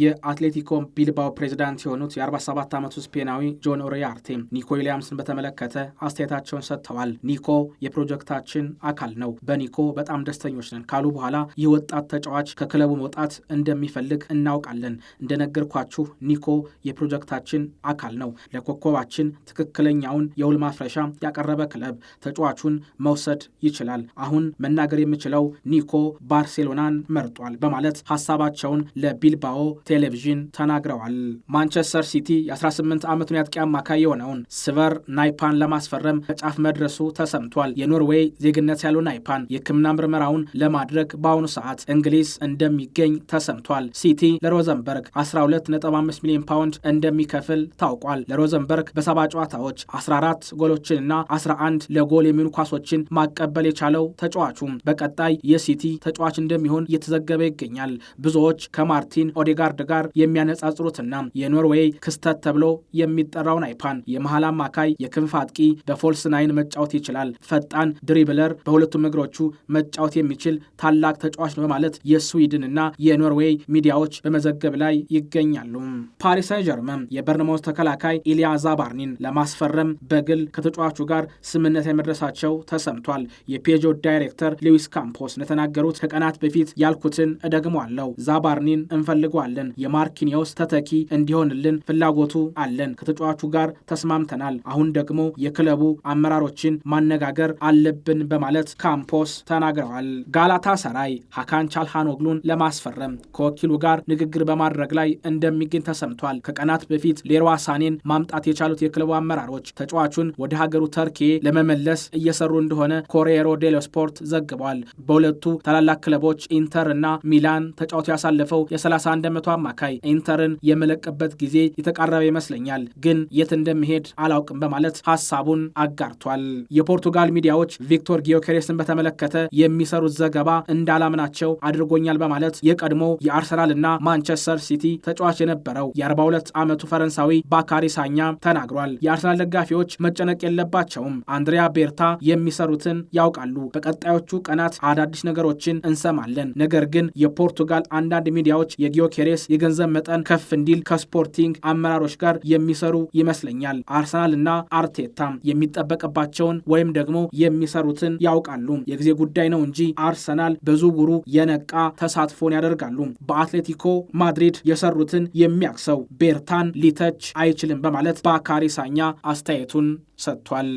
የአትሌቲኮ ቢልባው ፕሬዚዳንት የሆኑት የ47 ዓመቱ ስፔናዊ ጆን ኦሪያርቴ ኒኮ ዊሊያምስን በተመለከተ አስተያየታቸውን ሰጥተዋል። ኒኮ የፕሮጀክታችን አካል ነው። በኒኮ በጣም ደስተኞች ነን ካሉ በኋላ ይህ ወጣት ተጫዋች ከክለቡ መውጣት እንደሚፈልግ እናውቃለን። እንደነገርኳችሁ ኒኮ የፕሮጀክታችን አካል ነው። ለኮከባችን ትክክለኛውን የውል ማፍረሻ ያቀረበ ክለብ ተጫዋቹን መውሰድ ይችላል። አሁን መናገር የምችለው ኒኮ ባርሴሎናን መርጧል በማለት ሀሳባቸውን ለቢልባኦ ቴሌቪዥን ተናግረዋል። ማንቸስተር ሲቲ የ18 ዓመቱን ያጥቂ አማካይ የሆነውን ስቨር ናይፓን ለማስፈረም ከጫፍ መድረሱ ተሰምቷል። የኖርዌይ ዜግነት ያለው ናይፓን የሕክምና ምርመራውን ለማድረግ በአሁኑ ሰዓት እንግሊዝ እንደሚገኝ ተሰምቷል። ሲቲ ለሮዘንበርግ 125 ሚሊዮን ፓውንድ እንደሚከፍል ታውቋል። ለሮዘንበርግ በሰባ ጨዋታዎች 14 ጎሎችንና 11 ለጎል የሚሆኑ ኳሶችን ማቀበል የቻለው ተጫዋቹም በቀጣይ የሲቲ ተጫዋች እንደሚሆን እየተዘገበ ይገኛል። ብዙዎች ከማርቲን ኦዴጋር ሜልጋርድ ጋር የሚያነጻጽሩትና የኖርዌይ ክስተት ተብሎ የሚጠራውን አይፓን የመሀል አማካይ የክንፍ አጥቂ በፎልስ ናይን መጫወት ይችላል። ፈጣን ድሪብለር፣ በሁለቱም እግሮቹ መጫወት የሚችል ታላቅ ተጫዋች ነው በማለት የስዊድንና የኖርዌይ ሚዲያዎች በመዘገብ ላይ ይገኛሉ። ፓሪስ ሳን ጀርመን የበርንማውዝ ተከላካይ ኢሊያ ዛባርኒን ለማስፈረም በግል ከተጫዋቹ ጋር ስምነት የመድረሳቸው ተሰምቷል። የፔጆ ዳይሬክተር ሉዊስ ካምፖስ እንደተናገሩት ከቀናት በፊት ያልኩትን እደግመዋለሁ። ዛባርኒን እንፈልገዋለን እንፈልጋለን። የማርኪኒዮስ ተተኪ እንዲሆንልን ፍላጎቱ አለን። ከተጫዋቹ ጋር ተስማምተናል። አሁን ደግሞ የክለቡ አመራሮችን ማነጋገር አለብን በማለት ካምፖስ ተናግረዋል። ጋላታ ሰራይ ሀካን ቻልሃኖግሉን ለማስፈረም ከወኪሉ ጋር ንግግር በማድረግ ላይ እንደሚገኝ ተሰምቷል። ከቀናት በፊት ሌሮዋ ሳኔን ማምጣት የቻሉት የክለቡ አመራሮች ተጫዋቹን ወደ ሀገሩ ተርኬ ለመመለስ እየሰሩ እንደሆነ ኮሬሮ ዴሎ ስፖርት ዘግቧል። በሁለቱ ታላላቅ ክለቦች ኢንተር እና ሚላን ተጫውቶ ያሳለፈው የ31 በመክፈቱ አማካይ ኢንተርን የምለቅበት ጊዜ የተቃረበ ይመስለኛል፣ ግን የት እንደሚሄድ አላውቅም በማለት ሀሳቡን አጋርቷል። የፖርቱጋል ሚዲያዎች ቪክቶር ጊዮኬሬስን በተመለከተ የሚሰሩት ዘገባ እንዳላምናቸው አድርጎኛል በማለት የቀድሞ የአርሰናል እና ማንቸስተር ሲቲ ተጫዋች የነበረው የ42 ዓመቱ ፈረንሳዊ ባካሪ ሳኛ ተናግሯል። የአርሰናል ደጋፊዎች መጨነቅ የለባቸውም፣ አንድሪያ ቤርታ የሚሰሩትን ያውቃሉ። በቀጣዮቹ ቀናት አዳዲስ ነገሮችን እንሰማለን። ነገር ግን የፖርቱጋል አንዳንድ ሚዲያዎች የጊዮኬሬ ሞሬስ የገንዘብ መጠን ከፍ እንዲል ከስፖርቲንግ አመራሮች ጋር የሚሰሩ ይመስለኛል። አርሰናል እና አርቴታም የሚጠበቅባቸውን ወይም ደግሞ የሚሰሩትን ያውቃሉ። የጊዜ ጉዳይ ነው እንጂ አርሰናል በዝውውሩ የነቃ ተሳትፎን ያደርጋሉ። በአትሌቲኮ ማድሪድ የሰሩትን የሚያቅሰው ቤርታን ሊተች አይችልም በማለት በአካሪ ሳኛ አስተያየቱን ሰጥቷል።